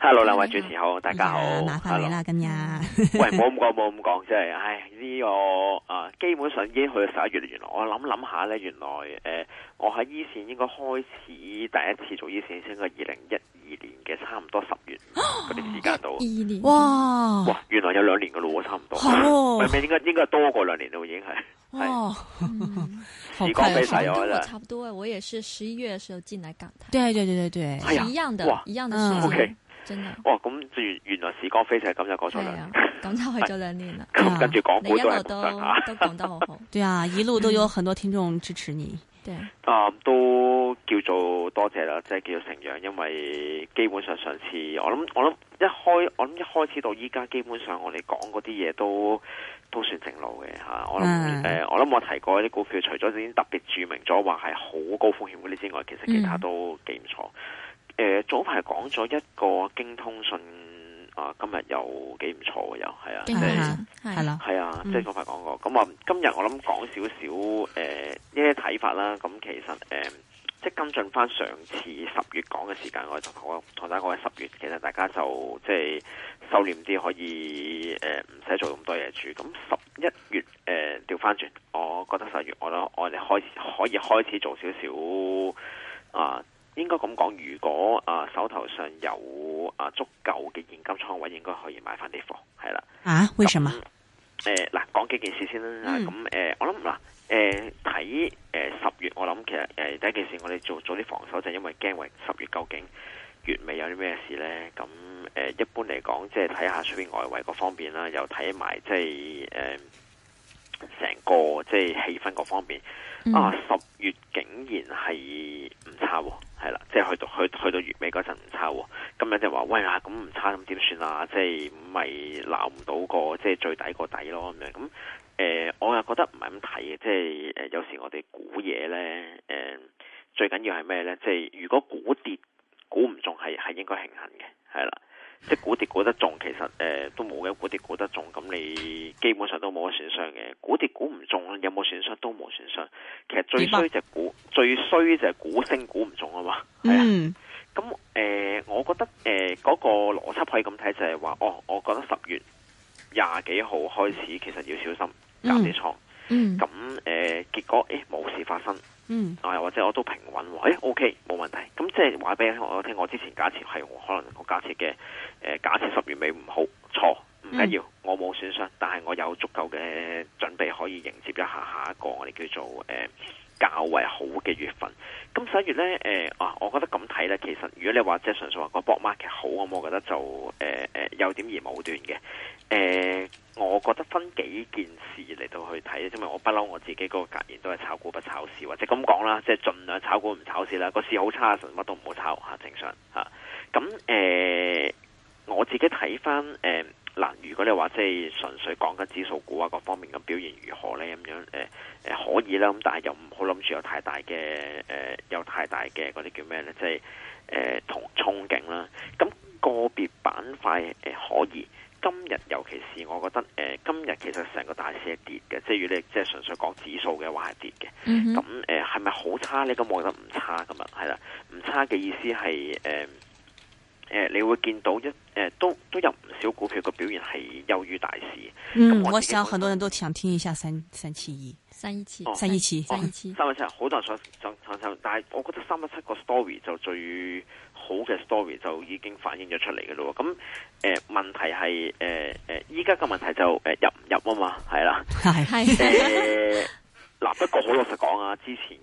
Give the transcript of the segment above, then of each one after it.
Hello，兩位主持人好，大家好。麻煩你啦，今日。喂，冇咁講，冇咁講，即係。唉，呢個啊，基本上已經去到十一月原來。我諗諗下咧，原來誒，我喺 e 線應該開始第一次做 e 線先係二零一二年嘅，差唔多十月嗰啲時間度。二年，哇！哇，原來有兩年嘅路差唔多。明明應該應該多過兩年咯，已經係。係。時間非常有。差唔多，我也是十一月嘅時候進來港台。對對對對對，一樣嘅，一樣嘅時間。真係，哇！咁原原來時光飛逝，係咁就過咗兩年。咁就去咗兩年啦。跟住港股都係 都講得好好， 對啊，一路都有很多聽眾支持你，嗯、對啊，都叫做多謝啦，即係叫做承揚，因為基本上上次我諗我諗一開我諗一開始到依家，基本上我哋講嗰啲嘢，都都算正路嘅吓。我諗誒、嗯呃，我諗我提過啲股票，除咗已經特別注明咗話係好高風險嗰啲之外，其實其他都幾唔錯。嗯誒、呃、早排講咗一個京通訊啊，今日又幾唔錯喎，又係啊，係係咯，係啊，啊嗯、即係早排講過。咁、嗯、我今日我諗講少少誒呢啲睇法啦。咁其實誒、呃、即係跟進翻上次十月講嘅時間，我同我同大家講係十月，其實大家就即係收斂啲，可以誒唔使做咁多嘢住。咁十一月誒調翻轉，我覺得十月我諗我哋開始可以開始做少少啊。呃應該咁講，如果啊手頭上有啊足夠嘅現金倉位，應該可以買翻啲貨，係啦。啊，為什麼？誒嗱、嗯，講幾件事先啦。咁誒、嗯，我諗嗱，誒睇誒十月，我諗其實誒、呃、第一件事，我哋做做啲防守，就因為驚為十月究竟月尾有啲咩事咧。咁誒、呃，一般嚟講，即係睇下出邊外圍個方面啦，又睇埋即係誒。呃成個即係氣氛嗰方面、嗯、啊，十月竟然係唔差喎，係啦，即係去到去到去到月尾嗰陣唔差喎，今日就話喂啊，咁唔差咁點算啊？即係咁咪鬧唔到個即係最底個底咯咁樣咁，誒、呃，我又覺得唔係咁睇嘅，即係誒，有時我哋估嘢咧，誒、呃，最緊要係咩咧？即係如果估跌估唔中係係應該慶幸嘅，係啦。即係估跌估得中，其實誒、呃、都冇嘅。估跌估得中，咁你基本上都冇損傷嘅。估跌估唔中，有冇損傷都冇損傷。其實最衰就估不最衰就係估升估唔中啊嘛。嗯，咁誒、嗯呃，我覺得誒嗰、呃那個邏輯可以咁睇，就係、是、話哦，我覺得十月廿幾號開始其實要小心減啲倉。嗯，咁誒、嗯呃，結果誒冇、欸、事發生。嗯，或者我都平穩喂 OK，冇問題。咁即係話俾我聽，我之前假設係我可能我假設嘅誒、呃、假設十月尾唔好錯，唔緊要，我冇損傷，但係我有足夠嘅準備可以迎接一下下一個我哋叫做誒。呃較為好嘅月份，咁十一月呢，誒，啊，我覺得咁睇呢。其實如果你話即係純粹話個 bull market 好，咁我覺得就誒誒、呃呃、有點而武斷嘅。誒、呃，我覺得分幾件事嚟到去睇，因為我不嬲我自己嗰個格言都係炒股不炒市，或者咁講啦，即係盡量炒股唔炒市啦。個市好差，什乜都唔好炒吓正常吓。咁、啊、誒、啊呃，我自己睇翻誒。呃嗱，如果你話即係純粹講緊指數股啊，各方面嘅表現如何咧？咁樣，誒、呃、誒可以啦，咁但係又唔好諗住有太大嘅誒、呃，有太大嘅嗰啲叫咩咧？即係誒同憧憬啦。咁、呃那個別板塊誒、呃、可以，今日尤其是我覺得誒、呃，今日其實成個大市係跌嘅，即係如果你即係純粹講指數嘅話係跌嘅。咁誒係咪好差咧？咁我覺得唔差咁樣，係啦，唔差嘅意思係誒。呃誒、呃，你會見到一誒、呃，都都有唔少股票個表現係優於大市。嗯，我，我想很多人都想聽一下三三七一、三一七、三一七、三一七。三一七，好多人想想想，但係我覺得三一七個 story 就最好嘅 story 就已經反映咗出嚟嘅咯。咁、嗯、誒、呃，問題係誒誒，依家嘅問題就誒、呃呃、入唔入啊嘛，係啦，係係。 嗱，不過好老實講啊，之前。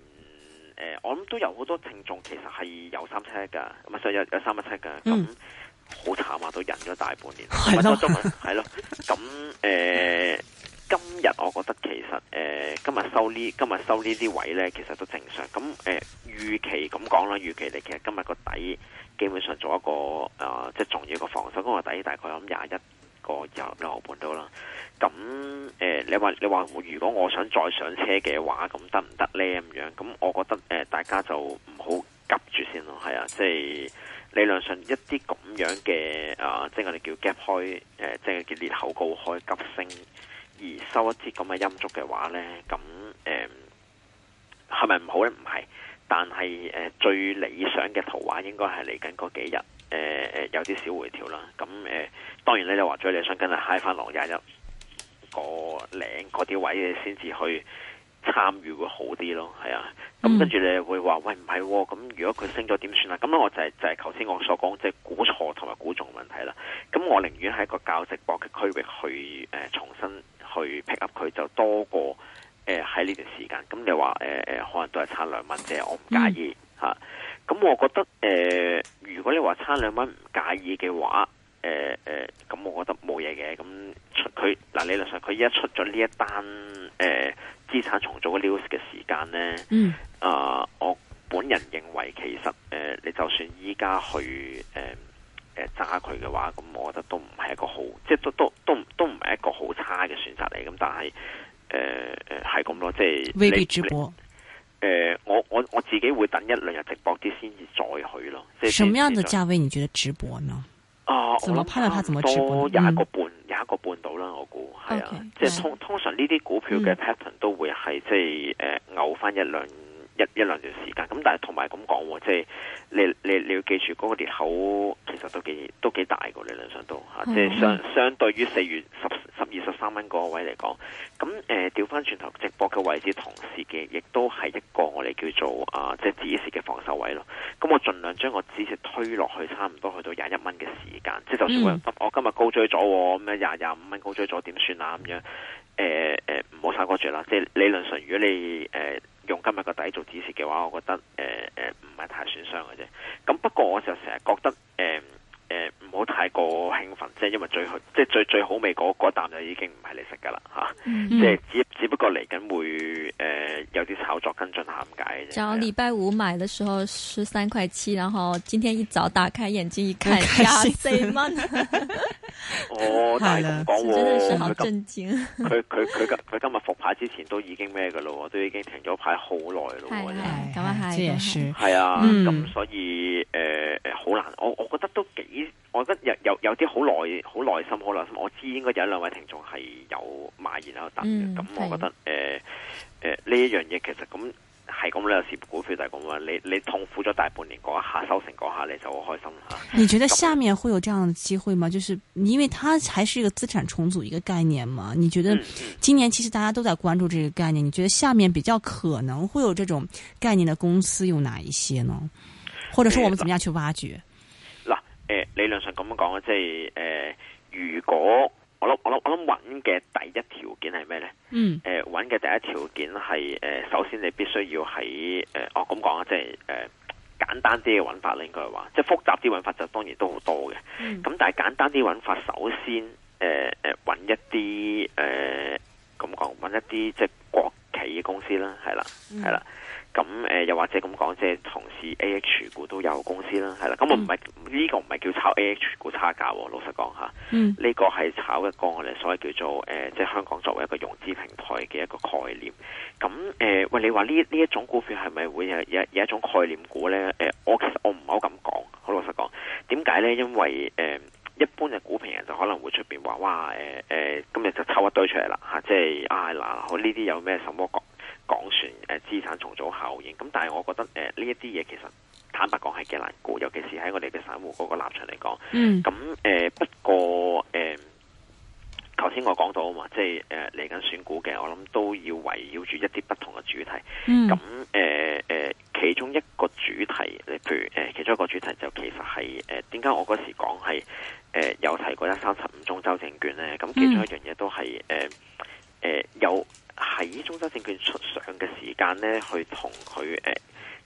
誒、呃，我諗都有好多聽眾其實係有三七噶唔係上日有三七噶咁好慘啊，都忍咗大半年，係咯， 咁誒、 呃，今日我覺得其實誒、呃，今日收呢，今日收，今日收呢啲位咧，其實都正常，咁誒、呃，預期咁講啦，預期你其實今日個底基本上做一個誒、呃，即係重要個防守嗰個底，大概諗廿一。個廿六毫半到啦，咁誒，你話你話，如果我想再上車嘅話，咁得唔得呢？咁樣，咁我覺得誒，大家就唔好急住先咯，係啊，即係理論上一啲咁樣嘅啊，即係我哋叫 gap 開，誒，即係叫裂口高開急升而收一啲咁嘅陰燭嘅話呢，咁誒係咪唔好呢？唔係，但係誒最理想嘅圖畫應該係嚟緊嗰幾日。誒誒、呃，有啲小回調啦，咁、呃、誒，當然你就話咗你想跟啊，嗨翻落廿一個嶺嗰啲位你先至去參與會好啲咯，係、哦、啊，咁跟住你又會話，喂唔係，咁如果佢升咗點算啊？咁咧我就係、是、就係頭先我所講，即係估錯同埋估中問題啦。咁我寧願喺個較值博嘅區域去誒、呃，重新去 pick up 佢，就多過誒喺呢段時間。咁你話誒誒，可能都係差兩蚊啫，我唔介意吓。咁我覺得，誒、呃，如果你話差兩蚊唔介意嘅話，誒、呃、誒，咁、呃、我覺得冇嘢嘅。咁出佢嗱，理論上佢依家出咗呢一單誒資產重組嘅 news 嘅時間咧，嗯、嗯，我本人認為其實，誒、呃，你就算依家去誒誒揸佢嘅話，咁我覺得都唔係一個好，即係都都都都唔係一個好差嘅選擇嚟。咁但係，誒、呃、誒，係咁咯，即、就、係、是。未必誒、呃，我我我自己會等一兩日直播啲先至再去咯。即係什麼樣嘅價位你覺得直播呢？啊、呃，怎麼判斷他怎麼直播？廿一個半，廿一、嗯、個半到啦，我估係啊。即係通通常呢啲股票嘅 pattern 都會係、嗯、即係誒、牛、呃、翻一兩。一一兩段時間咁，但係同埋咁講喎，即係你你你要記住嗰個裂口，其實都幾都幾大嘅、啊、理論上都嚇，即係相相對於四月十十二十三蚊嗰個位嚟講，咁誒、呃、調翻轉頭直播嘅位置，同時嘅亦都係一個我哋叫做啊、呃、即係止蝕嘅防守位咯。咁我盡量將個止蝕推落去，差唔多去到廿一蚊嘅時間，即係就算、嗯、我今日高追咗咁樣廿廿五蚊高追咗點算啊咁樣？誒誒唔好炒過住啦，即係理論上如果你誒。呃用今日個底做止蝕嘅話，我覺得誒誒唔係太損傷嘅啫。咁不過我就成日覺得誒。呃誒，唔好太過興奮，即係因為最好，即係最最好味嗰啖就已經唔係你食噶啦吓，即係只只不過嚟緊會誒有啲炒作跟進下咁解。我禮拜五買嘅時候十三塊七，然後今天一早打開眼睛一看，廿四蚊。哦，但係唔講喎，佢佢佢今佢今日復牌之前都已經咩噶咯，都已經停咗牌好耐咯。係係係係係啊，咁所以誒誒好難，我我覺得都幾。我覺得有有有啲好耐好耐心好耐心，我知應該有一兩位聽眾係有買，然後等咁、嗯、我覺得誒誒呢一樣嘢，其實咁係咁咧，蝕股水就係咁啦。你你痛苦咗大半年，嗰一下收成嗰下你就好開心吓。你覺得下面會有這樣的機會嗎？就是因為它還是一個資產重組一個概念嘛？你覺得今年其實大家都在關注這個概念，你覺得下面比較可能會有這種概念的公司有哪一些呢？或者說我們怎麼樣去挖掘？嗯嗯嗯誒，理論上咁樣講啊，即係誒、呃，如果我諗我諗我諗揾嘅第一條件係咩咧？嗯，誒、呃，揾嘅第一條件係誒、呃，首先你必須要喺誒，我咁講啊，即係誒、呃，簡單啲嘅揾法咧，應該係話，即係複雜啲揾法就當然都好多嘅。嗯，咁但係簡單啲揾法，首先誒誒，揾、呃、一啲誒，咁、呃、講，揾一啲即係國企嘅公司啦，係啦，係啦。嗯咁誒、呃，又或者咁講，即係同時 A H 股都有公司啦，係啦。咁我唔係呢個唔係叫炒 A H 股差價喎、哦，老實講嚇。呢、啊嗯、個係炒一個我哋所謂叫做誒、呃，即係香港作為一個融資平台嘅一個概念。咁、嗯、誒、呃，喂，你話呢呢一種股票係咪會有一有，有一種概念股咧？誒、呃，我我唔好咁講，好老實講，點解咧？因為誒、呃，一般嘅股評人就可能會出面話哇誒誒、呃呃，今日就抽一堆出嚟啦嚇，即係啊嗱，好呢啲有咩什麼，什麼，什麼講算誒，資產重組效應，咁但係我覺得誒呢一啲嘢其實坦白講係幾難估，尤其是喺我哋嘅散戶嗰個立場嚟講。嗯。咁誒，不過誒，頭先我講到啊嘛，即係誒嚟緊選股嘅，我諗都要圍繞住一啲不同嘅主題。嗯。咁誒誒，其中一個主題，你譬如誒其中一個主題就其實係誒，點解我嗰時講係誒有提過一三十五中州證券咧？咁其中一樣嘢都係誒誒有。喺中州證券出上嘅時間咧，去同佢誒，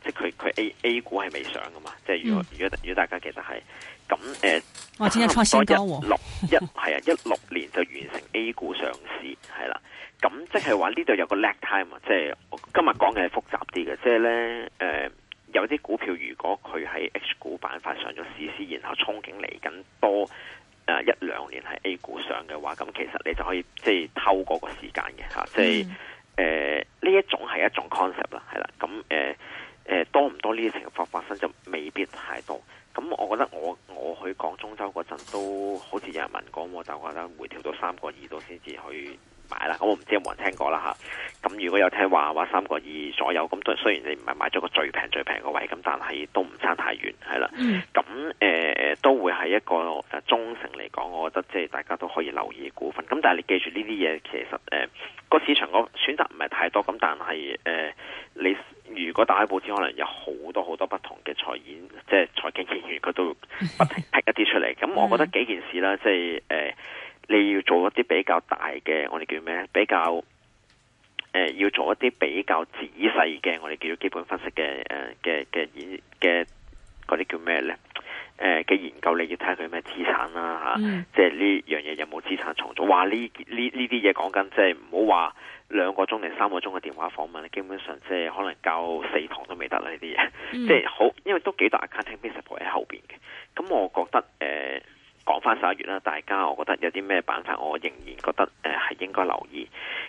即係佢佢 A A 股係未上噶嘛？即係如果、嗯、如如大家其實係咁誒，呃、哇！今日創新高六一係啊，一六年就完成 A 股上市係啦。咁即係話呢度有個 lag time 啊，即係今日講嘅係複雜啲嘅，即係咧誒，有啲股票如果佢喺 H 股板塊，上咗試司，然後憧憬嚟緊多啊，一兩年喺 A 股上嘅話，咁其實你就可以即係偷嗰個時間嘅嚇，即係誒呢一種係一種 concept 啦，係啦。咁誒誒多唔多呢啲情況發生，就未必太多。咁我覺得我我去廣州嗰陣都好似有人問過，我就覺得回調到三個二度先至去買啦、嗯，我唔知有冇人聽過啦吓。咁如果有聽話嘅話，三個二左右，咁都雖然你唔係買咗個最平最平個位，咁但係都唔差太遠，係啦。咁誒都會係一個誒中性嚟講，我覺得即係大家都可以留意嘅股份。咁但係你記住呢啲嘢，其實誒個市場個選擇唔係太多，咁但係誒你如果打開報紙，可能有好多好多不同嘅財演，即係財經演員，佢都不停 pick 一啲出嚟。咁我覺得幾件事啦，即係誒。你要做一啲比較大嘅，我哋叫咩比較誒、呃，要做一啲比較仔細嘅，我哋叫做基本分析嘅誒嘅嘅研嘅嗰啲叫咩咧？誒、呃、嘅、呃呃呃、研究，你要睇佢咩資產啦、啊、嚇，mm. 即係呢樣嘢有冇資產重組？哇！呢呢呢啲嘢講緊，即係唔好話兩個鐘定三個鐘嘅電話訪問，基本上即係可能教四堂都未得啦呢啲嘢，mm. 即係好，因為都幾大 accounting principle 喺後邊嘅。咁我覺得誒。呃講翻十一月啦，大家我覺得有啲咩辦法，我仍然覺得誒係、呃、應該留意。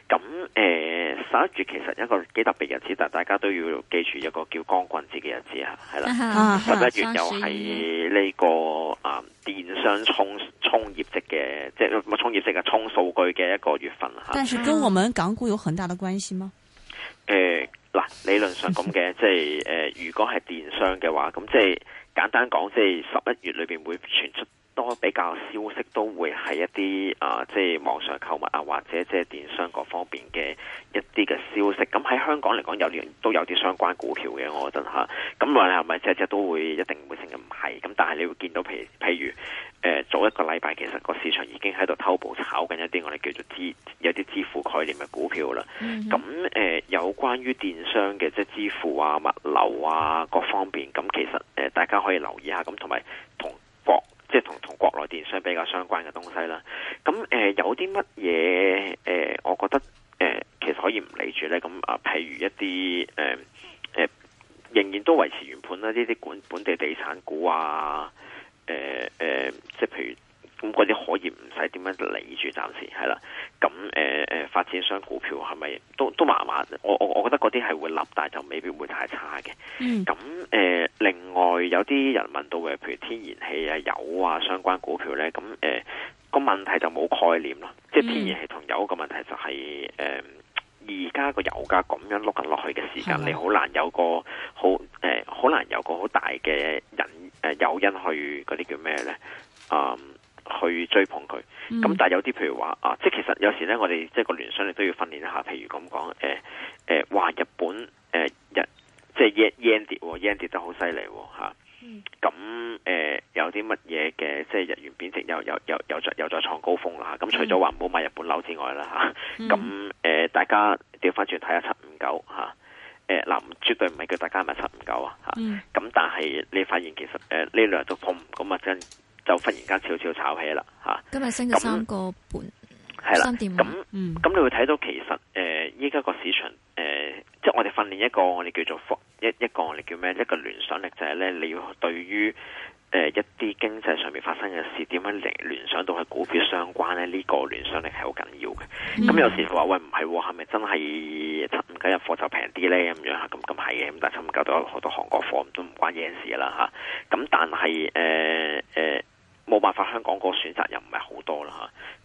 咁誒，十、呃、一月其實一個幾特別日子，但係大家都要記住一個叫光棍節嘅日子啊，係、啊、啦。十、啊、一月又係呢、這個誒、呃、電商衝衝業績嘅，即係乜衝業績嘅衝數據嘅一個月份吓，啊、但係跟我們港股有很大的關係嗎？誒、嗯，嗱、呃，理論上咁嘅， 即係誒、呃，如果係電商嘅話，咁即係簡單講，即係十一月裏邊會傳出。多比較消息都會係一啲啊，即係網上購物啊，或者即係電商各方面嘅一啲嘅消息。咁喺香港嚟講，有年都有啲相關股票嘅，我覺得吓。咁話你係咪隻隻都會一定會成日唔係咁，但係你會見到，譬如譬如誒，早、呃、一個禮拜其實個市場已經喺度偷步炒緊一啲我哋叫做支有啲支付概念嘅股票啦。咁誒、mm hmm. 啊呃，有關於電商嘅即係支付啊、物流啊各方面，咁、啊，其實誒、呃、大家可以留意下咁，同埋同。即係同同國內電商比較相關嘅東西啦，咁誒、呃、有啲乜嘢誒，我覺得誒、呃、其實可以唔理住咧，咁啊、呃，譬如一啲誒誒，仍然都維持原判啦，呢啲本本地地產股啊，誒、呃、誒、呃，即係譬如。咁嗰啲可以唔使點樣理住暫，暫時係啦。咁誒誒，發展商股票係咪都都麻麻？我我我覺得嗰啲係會立，但係就未必會太差嘅。咁誒、嗯呃，另外有啲人問到誒，譬如天然氣啊、油啊相關股票咧，咁誒個問題就冇概念咯。即係天然氣同油個問題就係、是、誒，而家個油價咁樣碌緊落去嘅時間，的你好難有個好誒，好、呃、難有個好大嘅引誒誘因去嗰啲叫咩咧？嗯。去追捧佢，咁、嗯、但係有啲譬如話啊，即係其實有時咧，我哋即係個聯想亦都要訓練一下。譬如咁講，誒、呃、誒，話、呃、日本誒、呃、日即係 yen 跌，yen 跌得好犀利吓。咁、啊、誒、嗯嗯嗯呃、有啲乜嘢嘅，即係日元貶值又又又又再又再創高峰啦吓。咁、啊啊、除咗話唔好買日本樓之外啦吓，咁誒大家掉返轉睇下七五九吓，誒、啊、嗱、啊，絕對唔係叫大家買七五九啊吓。咁、啊啊、但係你發現其實誒呢兩日都碰唔咁啊真。就忽然間悄悄炒起啦，吓、啊！今日升咗那三個半，係啦，三點、嗯。咁，咁你會睇到其實，誒、呃，依家個市場，誒、呃，即係我哋訓練一個我哋叫做一一個我哋叫咩？一個聯想力就係咧，你要對於誒、呃、一啲經濟上面發生嘅事，點樣嚟聯想到係股票相關咧？呢、這個聯想力係好緊要嘅。咁、嗯、有時話喂唔係，係咪、哦、真係七五九日貨就平啲咧？咁樣咁咁係嘅。咁、啊嗯嗯嗯、但七五九都有好多韓國貨，都唔關嘢事啦，吓、啊。咁、啊啊、但係誒，誒、啊。啊啊啊冇辦法，香港個選擇又唔係好多啦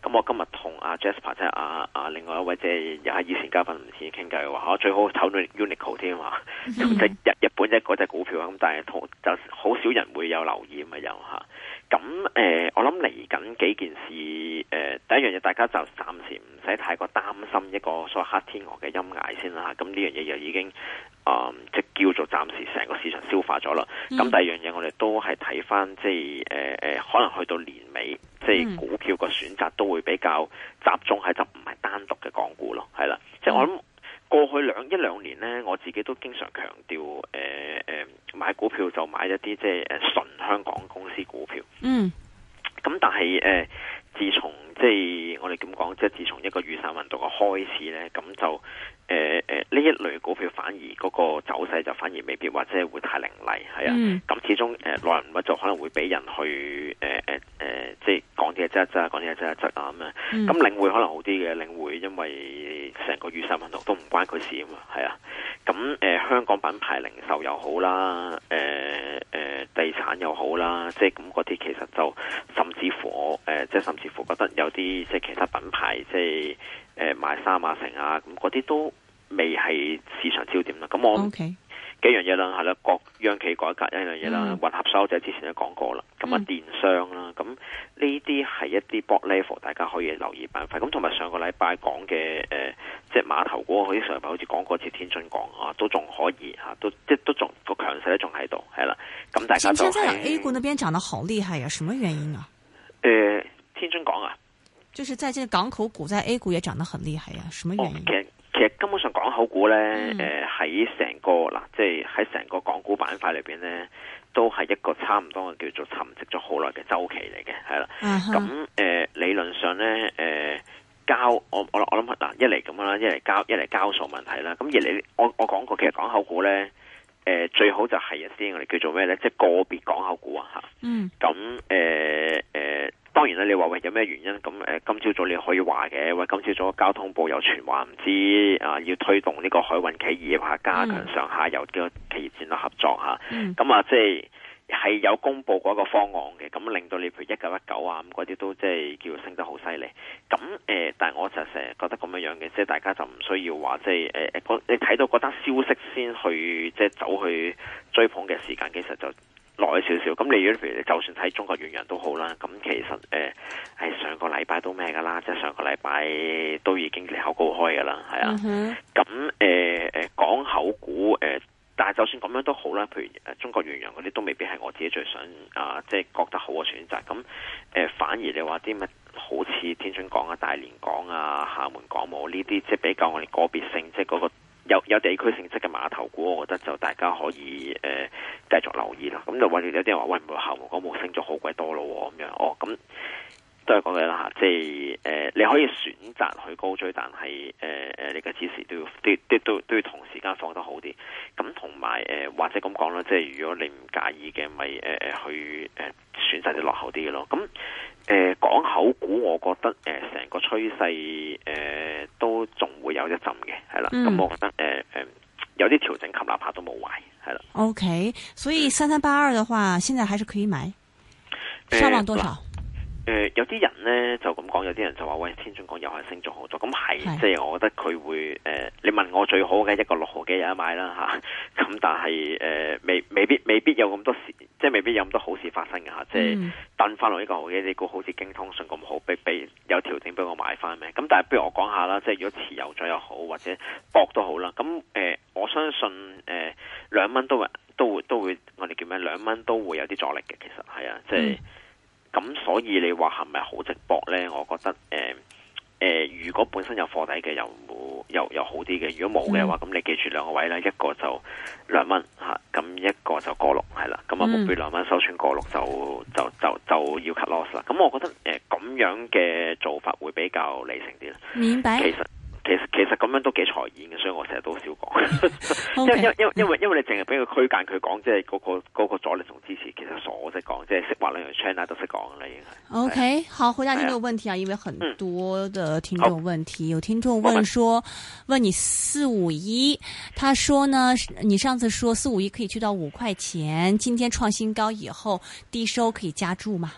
嚇。咁、啊、我今日同阿、啊、Jasper 即、啊、係阿、啊、阿另外一位即係又係以前嘉賓嚟傾偈，話我最好討論 Uniqlo 添啊，即日、嗯、日本一係嗰隻股票啊。咁但係同就好少人會有留意咪又嚇。咁、啊、誒、呃，我諗嚟緊幾件事誒、呃，第一樣嘢大家就暫時唔使太過擔心一個所謂黑天鵝嘅陰霾先啦，咁呢樣嘢又已經。啊、嗯，即叫做暫時成個市場消化咗啦。咁、嗯、第二樣嘢，我哋都係睇返，即係誒誒，可能去到年尾，即係股票個選擇都會比較集中，喺就唔係單獨嘅港股咯，係啦。即係我諗過去兩一兩年咧，我自己都經常強調誒誒，買股票就買一啲即係誒純香港公司股票。嗯。咁但係誒、呃，自從即係我哋咁講，即係自從一個雨傘運動嘅開始咧，咁就誒誒呢一類股票反而嗰個走勢就反而未必或者係會太凌厲，係啊。咁、嗯、始終誒內銀物就可能會俾人去誒誒誒，即係講啲嘢質一質，講啲嘢質一質啊咁啊。咁、嗯、領匯可能好啲嘅，領匯因為成個雨傘運動都唔關佢事啊嘛，係啊。咁誒、嗯呃、香港品牌零售又好啦、誒、呃、誒、呃、地產又好啦，即係咁嗰啲其實就甚至乎我誒、呃，即係甚至乎覺得有。有啲即係其他品牌，即係誒賣衫啊、成啊，咁嗰啲都未係市場焦點啦。咁我幾樣嘢啦，係啦、嗯，國央企改革一樣嘢啦，混合收就之前都講過啦。咁啊，電商啦，咁呢啲係一啲 bot level，大家可以留意翻。咁同埋上個禮拜講嘅誒，即係碼頭股，好似上個禮拜好似講過次天津港啊，都仲可以吓，都即都仲個強勢咧，仲喺度係啦。咁大家都係。今天 A 股邊漲得好厲害呀、啊？什麼原因啊？誒、呃，天津港啊？就是在呢個港口股，在 A 股也漲得很厲害呀，啊，什麼原因、啊其，其實根本上港口股咧，誒喺成個嗱，即係喺成個港股板塊裏邊咧，都係一個差唔多嘅叫做沉寂咗好耐嘅周期嚟嘅，係啦。咁誒、啊哼呃、理論上咧，誒、呃、交我我我諗嗱，一嚟咁樣啦，一嚟交一嚟交數問題啦，咁二嚟，我我講過，其實港口股咧，誒、呃、最好就係一先。我哋叫做咩咧，即、就、係、是、個別港口股啊吓。咁誒、嗯。嗯你話喂有咩原因咁？誒，今朝早你可以話嘅，話今朝早交通部有傳話，唔知啊要推動呢個海運企業吓，加強上下游嘅企業戰略合作吓。咁啊，即係係有公布嗰個方案嘅，咁、嗯、令到你譬如一九一九啊咁嗰啲都即係叫升得好犀利。咁誒、呃，但係我就成日覺得咁樣樣嘅，即係大家就唔需要話即係誒、呃，你睇到嗰單消息先去即係走去追捧嘅時間，其實就。耐少少，咁你如果譬如你就算睇中國遠洋都好啦，咁其實誒係、呃、上個禮拜都咩噶啦，即係上個禮拜都已經利好高開噶啦，係啊，咁誒誒港股誒，但係就算咁樣都好啦，譬如誒中國遠洋嗰啲都未必係我自己最想啊，即係覺得好嘅選擇，咁、嗯、誒、呃、反而你話啲乜好似天津港啊、大連港啊、廈門港冇呢啲，即係比較我哋個別性嗰個。有有地區性質嘅碼頭股，我覺得就大家可以誒、呃、繼續留意啦。咁就或者有啲人話：喂，廈門港務升咗好鬼多咯，咁樣哦。咁、哦、都係講嘅啦，即係誒、呃，你可以選擇去高追，但係誒誒，你嘅指示都要都都都要同時間放得好啲。咁同埋誒，或者咁講啦，即係如果你唔介意嘅，咪誒誒去誒、呃、選擇啲落後啲嘅咯。咁。誒、呃，港口股我覺得誒、成、呃、個趨勢誒，都仲會有一陣嘅，係啦。咁我覺得誒誒，有啲調整吸納下都冇壞，係啦。O、okay, K，所以三三八二的話，現在還是可以買，呃、上望多少？呃呃誒有啲人咧，就咁講，有啲人，人就話喂，天津港又係升咗好多，咁係即係我覺得佢會誒、呃，你問我最好嘅一個六號幾入買啦嚇，咁、啊嗯、但係誒、呃，未未必未必有咁多事，即係未必有咁多好事發生嘅嚇、啊，即係等翻落呢個號幾，你估好似京通訊咁好，俾俾有調整俾我買翻咩？咁、嗯、但係不如我講下啦，即係如果持有咗又好，或者搏都好啦，咁、啊、誒、呃、我相信誒、呃、兩蚊都，都會都會，都會，都，會都會，我哋叫咩？兩蚊都會有啲阻力嘅，其實係啊，即係。嗯嗯嗯咁、嗯、所以你話係咪好值博呢？我覺得誒誒、呃呃，如果本身有貨底嘅，又又又好啲嘅；如果冇嘅話，咁你記住兩個位啦，一個就兩蚊嚇，咁一個就過六係啦。咁啊、嗯、目標兩蚊收穿過六就就就就,就要 cut loss 啦。咁我覺得誒咁、呃、樣嘅做法會比較理性啲啦。明白。其實。其實其實咁樣都幾才言嘅，所以我成日都少講 Okay,。因為因為因為因為你淨係俾佢區間佢講，即係嗰、那個、那個那個阻力同支持，其實傻啫我識講，即係識畫兩樣 channel 都識講啦，已經係。O Okay , K，是好，回答你、這個問題啊，因為很多的聽眾問題，嗯、有聽眾問說，問,問你四五一，他說呢，你上次說四五一可以去到五塊錢，今天創新高以後，低收可以加注嗎？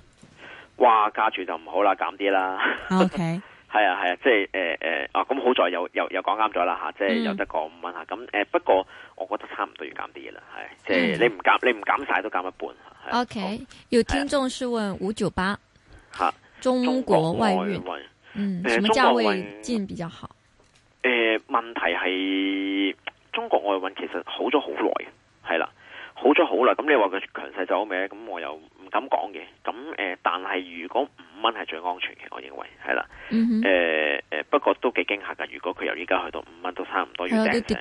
哇，加注就唔好啦，減啲啦。O K。係啊，係啊，即係誒誒，啊咁好在又又又講啱咗啦吓，即係有得講五蚊吓，咁誒不過我覺得差唔多要減啲嘢啦，係即係你唔減你唔減晒都減一半。OK，有聽眾是問五九八吓，中國外運，嗯，什麼價位進比較好？誒，問題係中國外運其實好咗好耐，係啦。好咗好啦，咁、嗯、你話佢強勢走咩？咁我又唔敢講嘅。咁、嗯、誒，但係如果五蚊係最安全嘅，我認為係啦。誒誒、mm hmm. 呃，不過都幾驚吓噶。如果佢由依家去到五蚊，都差唔多，要跌十幾，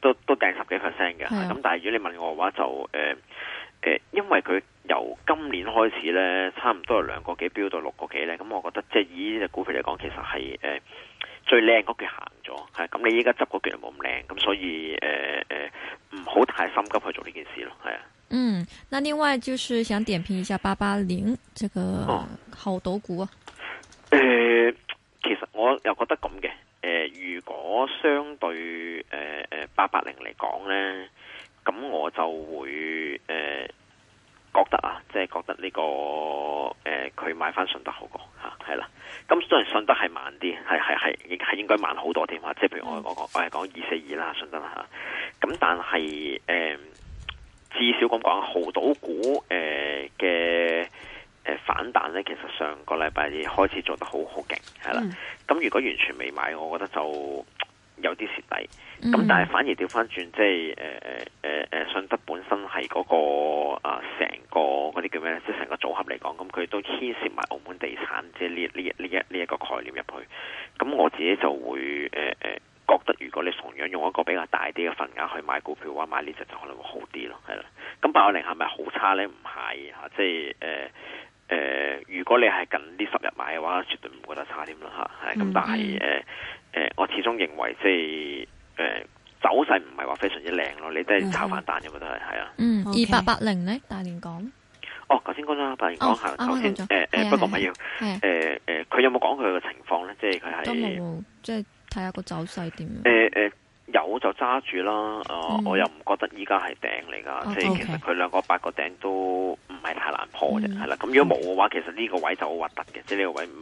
都都跌十幾 percent 嘅。咁 Yeah.、嗯、但係如果你問我嘅話就，就、呃、誒。因為佢由今年開始呢，差唔多由兩個幾飆到六個幾呢。咁我覺得即係以呢隻股票嚟講，其實係誒最靚嗰句行咗，係咁你依家執嗰句冇咁靚，咁所以誒誒唔好太心急去做呢件事咯，係啊。嗯，那另外就是想點評一下八八零這個好賭股啊。誒、嗯啊嗯呃，其實我又覺得咁嘅，誒、呃，如果相對誒誒八八零嚟講呢，咁、嗯、我就會。覺得呢、這個誒佢、呃、買翻信德好過嚇，係、啊、啦。咁雖然信德係慢啲，係係係，亦係應該慢好多啲嘛。即係譬如我講，我係講二四二啦，信德嚇。咁但係誒，至少咁講，濠賭股誒嘅誒反彈咧，其實上個禮拜開始做得好好勁，係啦。咁如果完全未買，我覺得就有啲蝕底。咁但係反而調翻轉，即係誒誒誒。誒信德本身係嗰、那個成、啊、個嗰啲叫咩咧？即係成個組合嚟講，咁佢都牽涉埋澳門地產，即係呢呢呢一呢一,一、這個概念入去。咁我自己就會誒誒、呃、覺得，如果你同樣用一個比較大啲嘅份額去買股票嘅話，買呢隻就可能會好啲咯，係啦。咁八九零係咪好差咧？唔係嚇，即係誒誒，如果你係近呢十日買嘅話，絕對唔會覺得差啲啦嚇。係咁，嗯、但係誒誒，我始終認為即係誒。走勢唔係話非常之靚咯，你都係炒反彈嘅，都係係啊。嗯，二八八零咧，大連港。哦，頭先講咗啦，大連港下。頭先，誒誒，不過唔係要，誒誒，佢有冇講佢個情況咧？即係佢係都冇，即係睇下個走勢點樣。誒誒。有就揸住啦，啊、呃，嗯、我又唔覺得依家係頂嚟噶，即係、oh, okay. 其實佢兩個八個頂都唔係太難破嘅，係、嗯、啦。咁如果冇嘅話，其實呢個位就好核突嘅，即係呢個位唔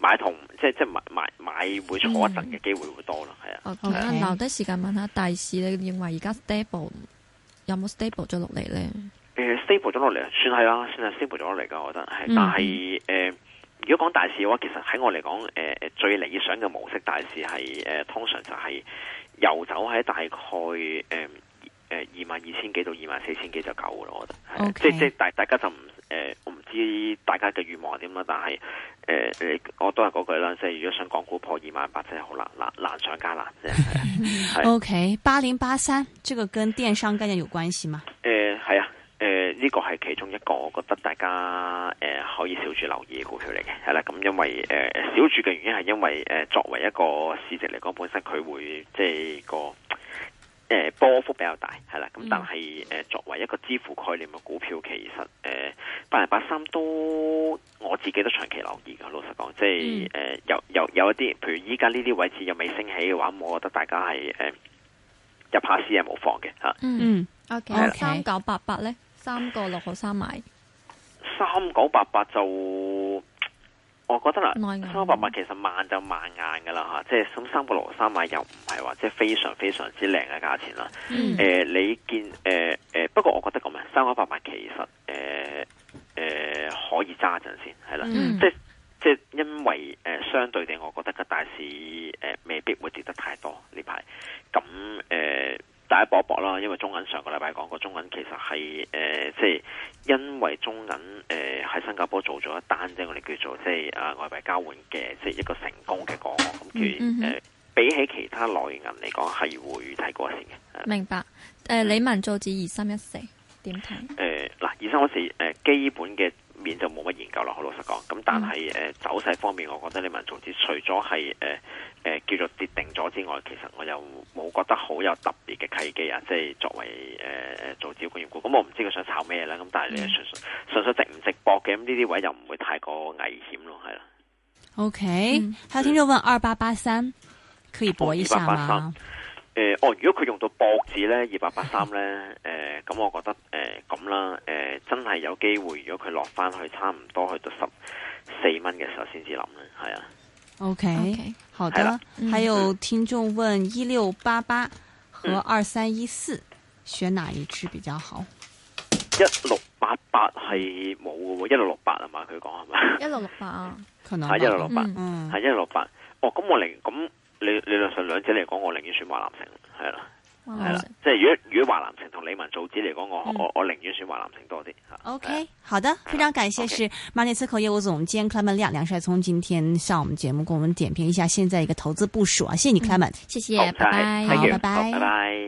買同即即買買買會坐一陣嘅機會會多咯，係啊。好啊，留低時間問下大市，你認為而家 stable 有冇 stable 咗落嚟咧？誒 stable 咗落嚟算係啦，算係 stable 咗落嚟噶，我覺得係。但係誒，如果講大市嘅話，其實喺我嚟講，誒、呃、最理想嘅模式大市係誒通常，常就係、是。游走喺大概誒誒、呃、二萬二千幾到二萬四千幾就夠嘅咯，我覺得 Okay.，即即大大家就唔誒、呃，我唔知大家嘅願望點啦，但係誒、呃，我都係嗰句啦，即係如果想港股破二萬八，真係好難難難上加難啫。O K. 八零八三，okay. 83, 這個跟電商概念有關係嗎？誒、呃，係啊。誒，呢個係其中一個，我覺得大家誒、呃、可以小注留意嘅股票嚟嘅，係啦，咁因為誒小注嘅原因係因為誒、呃、作為一個市值嚟講，本身佢會即係個誒、呃、波幅比較大，係啦，咁但係誒、嗯、作為一個支付概念嘅股票，其實誒八零八三都我自己都長期留意嘅，老實講，即係誒、嗯、有有有一啲，譬如依家呢啲位置又未升起嘅話，我覺得大家係誒、呃、入下市係冇妨嘅吓。嗯，O K，三九八八咧。三個六毫三米，三九八八就我覺得啦，三九八八其實慢就慢硬噶啦吓、啊，即係咁三九六毫三米又唔係話即係非常非常之靚嘅價錢啦。誒、嗯呃，你見誒誒、呃呃，不過我覺得咁樣，三九八八其實誒誒、呃呃、可以揸一陣先係啦，嗯、即係即係因為誒、呃、相對地，我覺得個大市誒、呃、未必會跌得太多呢排。大家搏一搏啦，因為中銀上個禮拜講過，中銀其實係誒，即、呃、係、就是、因為中銀誒喺新加坡做咗一單啫，就是、我哋叫做即係啊外幣交換嘅，即、就、係、是、一個成功嘅個案咁，佢、嗯、誒、嗯哼呃、比起其他內銀嚟講係會睇高一線嘅。明白？誒、呃，嗯、李文做字二三一四點睇？誒嗱、呃，二三一四誒基本嘅。面就冇乜研究咯，好老實講。咁但係誒、嗯呃、走勢方面，我覺得你問總之除咗係誒誒叫做跌定咗之外，其實我又冇覺得好有特別嘅契機啊。即係作為誒誒做焦工業股，咁我唔知佢想炒咩咧。咁但係你純粹純粹值唔值博嘅，呢啲位又唔會太過危險咯。係啦、嗯。OK，有聽眾問二八八三可以博一下嗎？誒，哦、呃，如果佢用到博紙咧，二八八三咧，誒，咁我覺得，誒，咁啦，誒，真係有機會，如果佢落翻去，差唔多去到十四蚊嘅時候，先至諗啦，係啊。OK，好啦，還有聽眾問一六八八和二三一四選哪一支比較好？一六八八係冇嘅喎，一六六八啊嘛，佢講係咪？一六六八啊，係一六六八，嗯，係一六六八。哦，咁我嚟咁。啊嗯啊嗯理理論上兩者嚟講，我寧願選華南城，係啦，係啦，嗯、即係如果如果華南城同理文造紙嚟講，嗯、我我我寧願選華南城多啲。O、okay, K，uh, 好的，非常感謝是 Money Circle 業務總監 Clement 梁梁帥聰，今天上我們節目，給我們點評一下現在一個投資部署啊，謝謝你 Clement，謝謝，拜拜，好，拜拜。